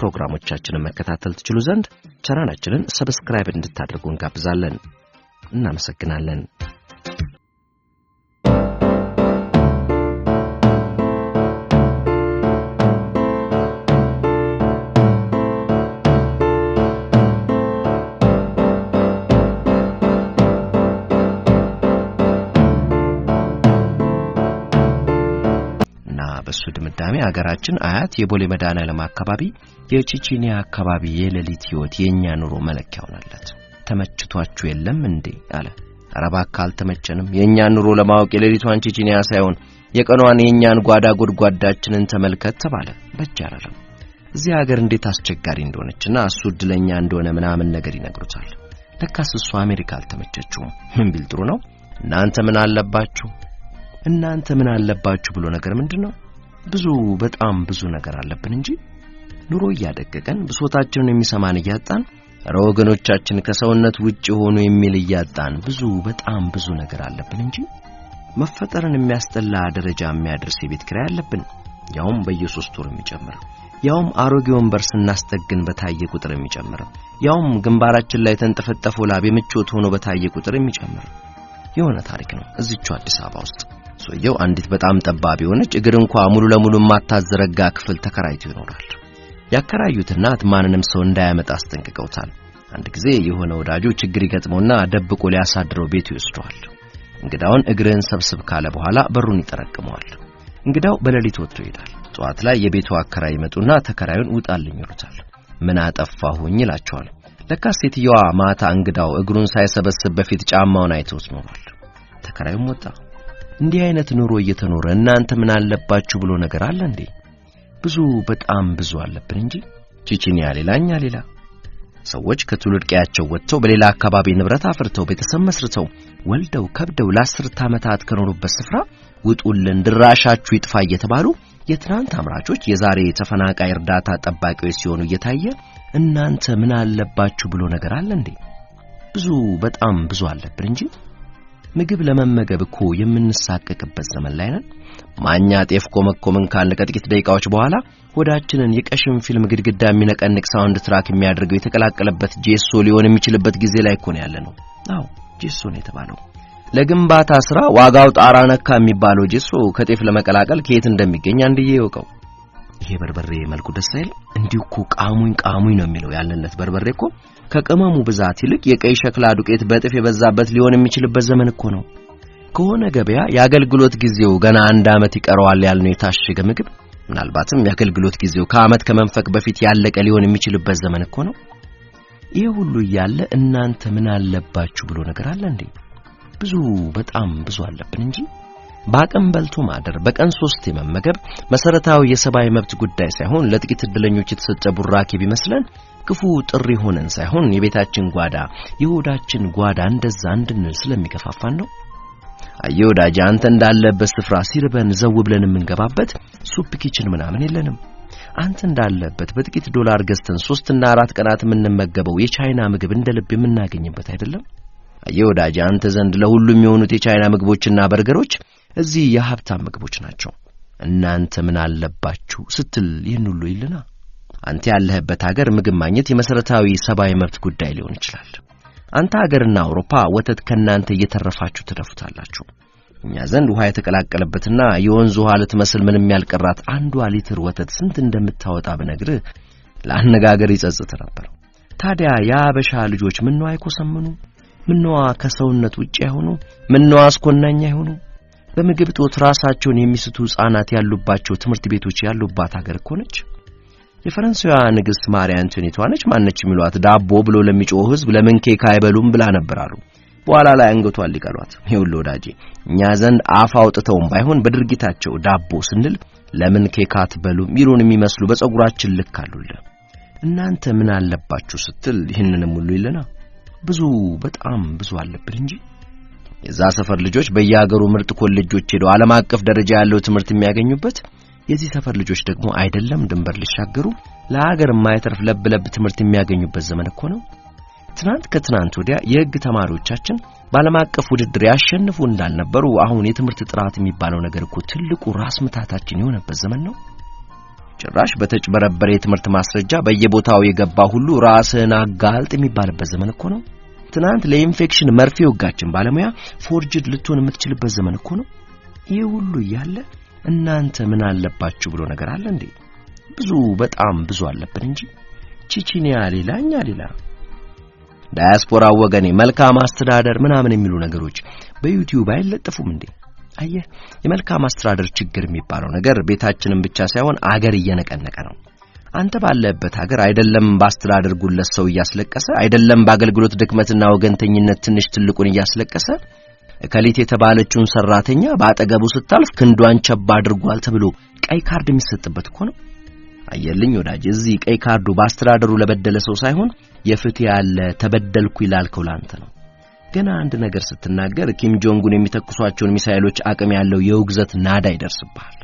ፕሮግራሞቻችንን መከታተል ትችሉ ዘንድ ቻናላችንን ሰብስክራይብ እንድታደርጉ እንጋብዛለን። እናመሰግናለን። አጋጣሚ ሀገራችን አያት የቦሌ መድኃኔዓለም አካባቢ የቺቺኒያ አካባቢ የሌሊት ህይወት የእኛ ኑሮ መለኪያ ሆናለት። ተመችቷችሁ የለም እንዴ አለ። ኧረ እባክህ አልተመቸንም። የእኛን ኑሮ ለማወቅ የሌሊቷን ቺቺኒያ ሳይሆን የቀኗን የእኛን ጓዳ ጎድጓዳችንን ተመልከት ተባለ። በጅ አላለም። እዚህ ሀገር እንዴት አስቸጋሪ እንደሆነችና እሱ እድለኛ እንደሆነ ምናምን ነገር ይነግሩታል። ለካስ እሱ አሜሪካ አልተመቸችውም። ምን ቢል ጥሩ ነው እናንተ ምን አለባችሁ እናንተ ምን አለባችሁ ብሎ ነገር ምንድን ነው ብዙ በጣም ብዙ ነገር አለብን እንጂ ኑሮ እያደገቀን ብሶታችንን የሚሰማን እያጣን ኧረ ወገኖቻችን ከሰውነት ውጭ ሆኑ የሚል እያጣን ብዙ በጣም ብዙ ነገር አለብን እንጂ መፈጠርን የሚያስጠላ ደረጃ የሚያደርስ የቤት ኪራይ አለብን፣ ያውም በየሶስት ወር የሚጨምረው ያውም አሮጌ ወንበር ስናስጠግን በታየ ቁጥር የሚጨምረው ያውም ግንባራችን ላይ የተንጠፈጠፈው ላብ የምቾት ሆኖ በታየ ቁጥር የሚጨምር የሆነ ታሪክ ነው እዚቹ አዲስ አበባ ውስጥ። ሰውየው አንዲት በጣም ጠባብ የሆነች እግር እንኳ ሙሉ ለሙሉ የማታዘረጋ ክፍል ተከራይቶ ይኖራል። ያከራዩት እናት ማንንም ሰው እንዳያመጣ አስጠንቅቀውታል። አንድ ጊዜ የሆነ ወዳጁ ችግር ይገጥመውና ደብቆ ሊያሳድረው ቤቱ ይወስደዋል። እንግዳውን እግርህን ሰብስብ ካለ በኋላ በሩን ይጠረቅመዋል። እንግዳው በሌሊት ወጥቶ ይሄዳል። ጠዋት ላይ የቤቱ አከራይ ይመጡና ተከራዩን ውጣልኝ ይሉታል። ምን አጠፋሁኝ ይላቸዋል። ለካ ሴትየዋ ማታ እንግዳው እግሩን ሳይሰበስብ በፊት ጫማውን አይተውት ኖሯል። ተከራዩም ወጣ። እንዲህ አይነት ኑሮ እየተኖረ እናንተ ምን አለባችሁ ብሎ ነገር አለ እንዴ? ብዙ በጣም ብዙ አለብን እንጂ ቺቺኒያ ሌላኛ ሌላ። ሰዎች ከትውልድ ቀያቸው ወጥተው በሌላ አካባቢ ንብረት አፍርተው ቤተሰብ መስርተው ወልደው ከብደው ለአስርተ ዓመታት ከኖሩበት ስፍራ ውጡልን፣ ድራሻችሁ ይጥፋ እየተባሉ የትናንት አምራቾች የዛሬ ተፈናቃይ እርዳታ ጠባቂዎች ሲሆኑ እየታየ እናንተ ምን አለባችሁ ብሎ ነገር አለ እንዴ? ብዙ በጣም ብዙ አለብን እንጂ ምግብ ለመመገብ እኮ የምንሳቀቅበት ዘመን ላይ ነን። ማኛ ጤፍ ኮመኮምን ካለ ከጥቂት ደቂቃዎች በኋላ ሆዳችንን የቀሽም ፊልም ግድግዳ የሚነቀንቅ ሳውንድ ትራክ የሚያደርገው የተቀላቀለበት ጄሶ ሊሆን የሚችልበት ጊዜ ላይ እኮ ነው ያለ ነው። አዎ ጄሶ ነው የተባለው። ለግንባታ ስራ ዋጋው ጣራ ነካ የሚባለው ጄሶ ከጤፍ ለመቀላቀል ከየት እንደሚገኝ አንድዬ ይወቀው። ይሄ በርበሬ መልኩ ደስ አይል እንዲሁ እኮ ቃሙኝ ቃሙኝ ነው የሚለው ያለለት በርበሬ እኮ ከቅመሙ ብዛት ይልቅ የቀይ ሸክላ ዱቄት በጥፍ የበዛበት ሊሆን የሚችልበት ዘመን እኮ ነው። ከሆነ ገበያ የአገልግሎት ጊዜው ገና አንድ ዓመት ይቀረዋል ያልነው የታሸገ ምግብ ምናልባትም የአገልግሎት ጊዜው ከዓመት ከመንፈቅ በፊት ያለቀ ሊሆን የሚችልበት ዘመን እኮ ነው። ይህ ሁሉ እያለ እናንተ ምን አለባችሁ ብሎ ነገር አለ እንዴ? ብዙ በጣም ብዙ አለብን እንጂ በአቅም በልቶ ማደር፣ በቀን ሶስት የመመገብ መሰረታዊ የሰብአዊ መብት ጉዳይ ሳይሆን ለጥቂት እድለኞች የተሰጠ ቡራኬ ቢመስለን ክፉ ጥሪ ሆነን ሳይሆን የቤታችን ጓዳ የሆዳችን ጓዳ እንደዛ እንድንል ስለሚከፋፋን ነው። አየ ወዳጅ፣ አንተ እንዳለበት ስፍራ ሲርበን ዘው ብለን የምንገባበት ሱፕ ኪችን ምናምን የለንም። አንተ እንዳለበት በጥቂት ዶላር ገዝተን ሶስትና አራት ቀናት የምንመገበው የቻይና ምግብ እንደ ልብ የምናገኝበት አይደለም። አየ ወዳጅ፣ አንተ ዘንድ ለሁሉም የሆኑት የቻይና ምግቦችና በርገሮች እዚህ የሀብታም ምግቦች ናቸው። እናንተ ምን አለባችሁ ስትል ይህን ሁሉ ይልና አንተ ያለህበት አገር ምግብ ማግኘት የመሰረታዊ ሰብአዊ መብት ጉዳይ ሊሆን ይችላል። አንተ አገርና አውሮፓ ወተት ከእናንተ እየተረፋችሁ ትደፉታላችሁ። እኛ ዘንድ ውሃ የተቀላቀለበትና የወንዝ ውሃ ልትመስል ምንም ያልቀራት አንዷ ሊትር ወተት ስንት እንደምታወጣ ብነግር ለአነጋገር ይጸጽት ነበር። ታዲያ የአበሻ ልጆች ምነዋ አይኮሰምኑ? ምነዋ ከሰውነት ውጭ አይሆኑ? ምነዋ አስኮናኛ አይሆኑ? በምግብ እጦት ራሳቸውን የሚስቱ ሕፃናት ያሉባቸው ትምህርት ቤቶች ያሉባት ሀገር እኮ ነች። የፈረንሳይዋ ንግሥት ማሪ አንቶኔቷ ነች ማነች የሚሏት ዳቦ ብሎ ለሚጮህ ሕዝብ ለምን ኬክ አይበሉም ብላ ነበር አሉ። በኋላ ላይ አንገቷን ሊቀሏት። ይኸውልህ ወዳጄ፣ እኛ ዘንድ አፍ አውጥተውም ባይሆን በድርጊታቸው ዳቦ ስንል ለምን ኬክ አትበሉም ይሉን የሚመስሉ በጸጉራችን ልክ እናንተ ምን አለባችሁ ስትል ይህንንም ሁሉ ይለና ብዙ በጣም ብዙ አለብን እንጂ የዛ ሰፈር ልጆች በየሀገሩ ምርጥ ኮሌጆች ሄደው ዓለም አቀፍ ደረጃ ያለው ትምህርት የሚያገኙበት የዚህ ሰፈር ልጆች ደግሞ አይደለም ድንበር ሊሻገሩ ለሀገር የማይተርፍ ለብ ለብ ትምህርት የሚያገኙበት ዘመን እኮ ነው። ትናንት ከትናንት ወዲያ የሕግ ተማሪዎቻችን በዓለም አቀፍ ውድድር ያሸንፉ እንዳልነበሩ አሁን የትምህርት ጥራት የሚባለው ነገር እኮ ትልቁ ራስ ምታታችን የሆነበት ዘመን ነው። ጭራሽ በተጭበረበረ የትምህርት ማስረጃ በየቦታው የገባ ሁሉ ራስህን አጋልጥ የሚባልበት ዘመን እኮ ነው። ትናንት ለኢንፌክሽን መርፌ ወጋችን ባለሙያ ፎርጅድ ልትሆን የምትችልበት ዘመን እኮ ነው። ይህ ሁሉ እያለ እናንተ ምን አለባችሁ ብሎ ነገር አለ እንዴ? ብዙ በጣም ብዙ አለብን እንጂ ቺቺኒያ ሌላ፣ እኛ ሌላ። ዳያስፖራ ወገኔ፣ መልካም አስተዳደር ምናምን የሚሉ ነገሮች በዩቲዩብ አይለጠፉም እንዴ? አየህ፣ የመልካም አስተዳደር ችግር የሚባለው ነገር ቤታችንን ብቻ ሳይሆን አገር እየነቀነቀ ነው። አንተ ባለህበት ሀገር አይደለም ባስተዳደር ጉለት ሰው እያስለቀሰ አይደለም በአገልግሎት ድክመትና ወገንተኝነት ትንሽ ትልቁን እያስለቀሰ እከሊት የተባለችውን ሰራተኛ በአጠገቡ ስታልፍ ክንዷን ቸባ አድርጓል ተብሎ ቀይ ካርድ የሚሰጥበት እኮ ነው። አየልኝ ወዳጅ፣ እዚህ ቀይ ካርዱ በአስተዳደሩ ለበደለ ሰው ሳይሆን የፍትህ ያለ ተበደልኩ ይላልከው ላንተ ነው። ገና አንድ ነገር ስትናገር ኪም ጆንጉን የሚተኩሷቸውን ሚሳኤሎች አቅም ያለው የውግዘት ናዳ ይደርስብሃል።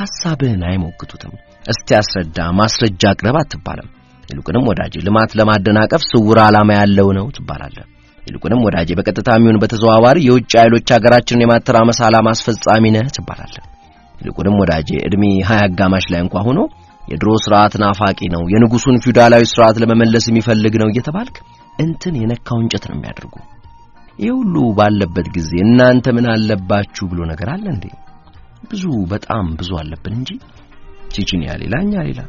ሐሳብህን አይሞግቱትም። እስቲ አስረዳ፣ ማስረጃ አቅርብ አትባልም። ይልቁንም ወዳጄ ልማት ለማደናቀፍ ስውር ዓላማ ያለው ነው ትባላለህ። ይልቁንም ወዳጄ በቀጥታ የሚሆን በተዘዋዋሪ የውጭ ኃይሎች ሀገራችንን የማተራመስ ዓላማ አስፈጻሚ ነህ ትባላለህ። ይልቁንም ወዳጄ እድሜ ሀያ አጋማሽ ላይ እንኳ ሆኖ የድሮ ስርዓት ናፋቂ ነው፣ የንጉሱን ፊውዳላዊ ስርዓት ለመመለስ የሚፈልግ ነው እየተባልክ እንትን የነካው እንጨት ነው የሚያደርጉ። ይህ ሁሉ ባለበት ጊዜ እናንተ ምን አለባችሁ ብሎ ነገር አለ እንዴ? ብዙ በጣም ብዙ አለብን እንጂ ቺቺኒያ ሌላ እኛ ሌላ።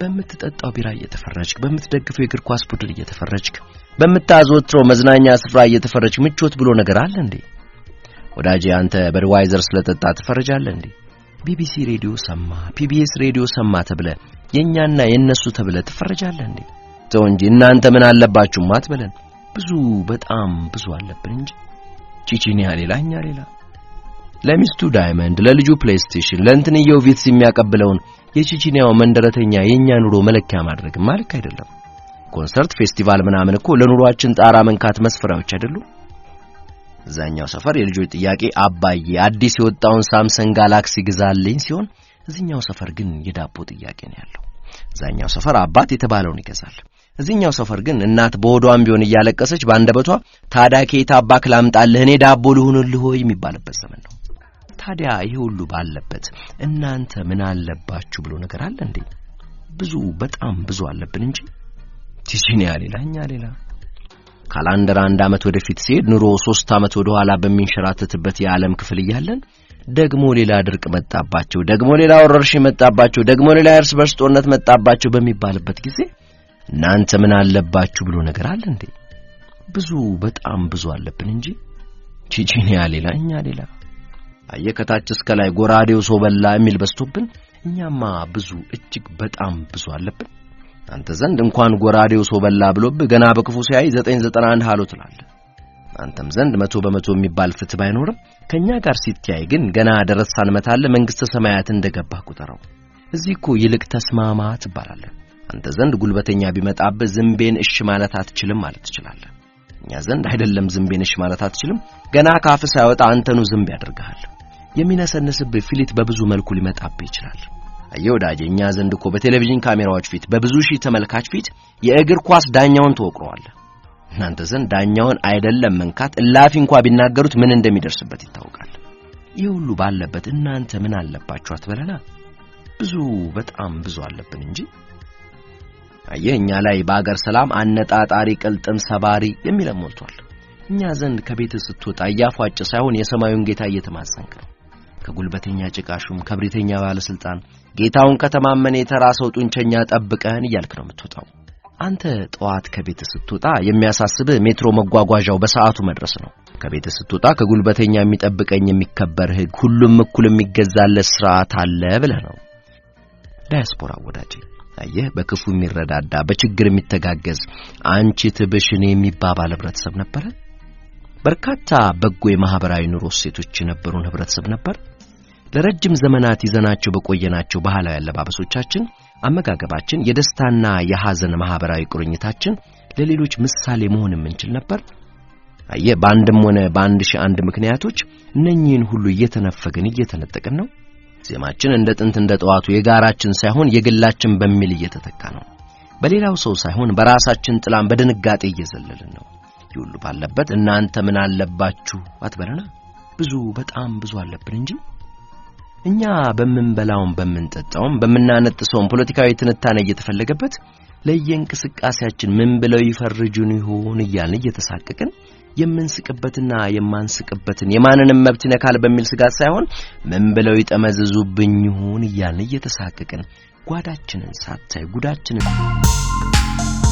በምትጠጣው ቢራ እየተፈረጅክ፣ በምትደግፈው የእግር ኳስ ቡድን እየተፈረጅክ፣ በምታዘወትረው መዝናኛ ስፍራ እየተፈረጅክ ምቾት ብሎ ነገር አለ እንዴ? ወዳጄ አንተ በድዋይዘር ስለጠጣ ትፈረጃለህ እንዴ? ቢቢሲ ሬዲዮ ሰማ፣ ፒቢኤስ ሬዲዮ ሰማ ተብለ የኛና የነሱ ተብለ ትፈረጃለህ እንዴ? ተው እንጂ እናንተ ምን አለባችሁ ማትበለን። ብዙ በጣም ብዙ አለብን እንጂ ቺቺኒያ ሌላ እኛ ሌላ። ለሚስቱ ዳይመንድ፣ ለልጁ ፕሌይስቴሽን፣ ለእንትንየው ቪትስ የሚያቀብለውን የቺቺኒያው መንደረተኛ የኛ ኑሮ መለኪያ ማድረግ ማልክ አይደለም። ኮንሰርት፣ ፌስቲቫል ምናምን እኮ ለኑሯችን ጣራ መንካት መስፈሪያዎች አይደሉም። እዛኛው ሰፈር የልጆች ጥያቄ አባዬ አዲስ የወጣውን ሳምሰንግ ጋላክሲ ግዛልኝ ሲሆን እዚኛው ሰፈር ግን የዳቦ ጥያቄ ነው ያለው። እዛኛው ሰፈር አባት የተባለውን ይገዛል። እዚህኛው ሰፈር ግን እናት በሆዷም ቢሆን እያለቀሰች በአንደበቷ ታዳኬ ታባክ ላምጣልህ እኔ ዳቦ ልሁንልህ የሚባልበት ዘመን ነው። ታዲያ ይሄ ሁሉ ባለበት እናንተ ምን አለባችሁ ብሎ ነገር አለ እንዴ? ብዙ በጣም ብዙ አለብን እንጂ ቺቺኒያ ሌላ፣ እኛ ሌላ። ካላንደር አንድ ዓመት ወደፊት ሲሄድ ኑሮ ሶስት ዓመት ወደ ኋላ በሚንሸራተትበት የዓለም ክፍል እያለን ደግሞ ሌላ ድርቅ መጣባቸው፣ ደግሞ ሌላ ወረርሽኝ መጣባቸው፣ ደግሞ ሌላ እርስ በርስ ጦርነት መጣባቸው በሚባልበት ጊዜ እናንተ ምን አለባችሁ ብሎ ነገር አለ እንዴ? ብዙ በጣም ብዙ አለብን እንጂ ቺቺኒያ ሌላ፣ እኛ ሌላ። አየ ከታች እስከ ላይ ጎራዴው ሰው በላ የሚል በስቶብን፣ እኛማ ብዙ እጅግ በጣም ብዙ አለብን። አንተ ዘንድ እንኳን ጎራዴው ሰው በላ ብሎብህ ገና በክፉ ሲያይ 991 ሃሎ ትላለህ። አንተም ዘንድ መቶ በመቶ የሚባል ፍትህ ባይኖርም ከኛ ጋር ሲተያይ ግን ገና ደረት ሳንመታለህ መንግስተ ሰማያት እንደገባህ ቁጠረው። እዚህ እኮ ይልቅ ተስማማ ትባላለህ። አንተ ዘንድ ጉልበተኛ ቢመጣብህ ዝምቤን እሽ ማለት አትችልም ማለት ትችላለህ። እኛ ዘንድ አይደለም ዝምቤን እሽ ማለት አትችልም፣ ገና ካፍ ሳይወጣ አንተኑ ዝምብ ያደርግሃል። የሚነሰንስብህ ፊሊት በብዙ መልኩ ሊመጣብህ ይችላል። አየህ ወዳጄ፣ እኛ ዘንድ እኮ በቴሌቪዥን ካሜራዎች ፊት በብዙ ሺህ ተመልካች ፊት የእግር ኳስ ዳኛውን ተወቅረዋል። እናንተ ዘንድ ዳኛውን አይደለም መንካት እላፊ እንኳ ቢናገሩት ምን እንደሚደርስበት ይታወቃል። ይህ ሁሉ ባለበት እናንተ ምን አለባችሁ አትበለና? ብዙ በጣም ብዙ አለብን እንጂ አየ እኛ ላይ በአገር ሰላም አነጣጣሪ፣ ቅልጥም ሰባሪ የሚለው ሞልቷል። እኛ ዘንድ ከቤት ስትወጣ እያፏጭ ሳይሆን የሰማዩን ጌታ እየተማጸንክ ነው። ከጉልበተኛ ጭቃሹም ከብሪተኛ ባለስልጣን ጌታውን ከተማመነ የተራ ሰው ጡንቸኛ ጠብቀህን እያልክ ነው የምትወጣው። አንተ ጠዋት ከቤት ስትወጣ የሚያሳስብ ሜትሮ መጓጓዣው በሰዓቱ መድረስ ነው። ከቤት ስትወጣ ከጉልበተኛ የሚጠብቀኝ የሚከበር ህግ ሁሉም እኩል የሚገዛለት ስርዓት አለ ብለህ ነው። ዳያስፖራ ወዳጄ፣ አየህ፣ በክፉ የሚረዳዳ በችግር የሚተጋገዝ አንቺ ትብሽ እኔ የሚባባል ህብረተሰብ ነበረ። በርካታ በጎ የማህበራዊ ኑሮ እሴቶች የነበሩን ህብረተሰብ ነበር። ለረጅም ዘመናት ይዘናቸው በቆየናቸው ባህላዊ አለባበሶቻችን፣ አመጋገባችን፣ የደስታና የሐዘን ማህበራዊ ቁርኝታችን ለሌሎች ምሳሌ መሆን የምንችል ነበር። አየ በአንድም ሆነ በአንድ ሺህ አንድ ምክንያቶች እነኚህን ሁሉ እየተነፈግን እየተነጠቅን ነው። ዜማችን እንደ ጥንት እንደ ጠዋቱ የጋራችን ሳይሆን የግላችን በሚል እየተተካ ነው። በሌላው ሰው ሳይሆን በራሳችን ጥላም በድንጋጤ እየዘለልን ነው። ይሁሉ ባለበት እናንተ ምን አለባችሁ አትበለና። ብዙ በጣም ብዙ አለብን እንጂ እኛ በምንበላውም በምንጠጣውም በምናነጥሰውም ፖለቲካዊ ትንታኔ እየተፈለገበት ለየእንቅስቃሴያችን ምን ብለው ይፈርጁን ይሆን እያልን እየተሳቀቅን የምንስቅበትና የማንስቅበትን የማንንም መብት ይነካል በሚል ስጋት ሳይሆን ምን ብለው ይጠመዝዙብኝ ይሆን እያልን እየተሳቀቅን ጓዳችንን ሳታይ ጉዳችንን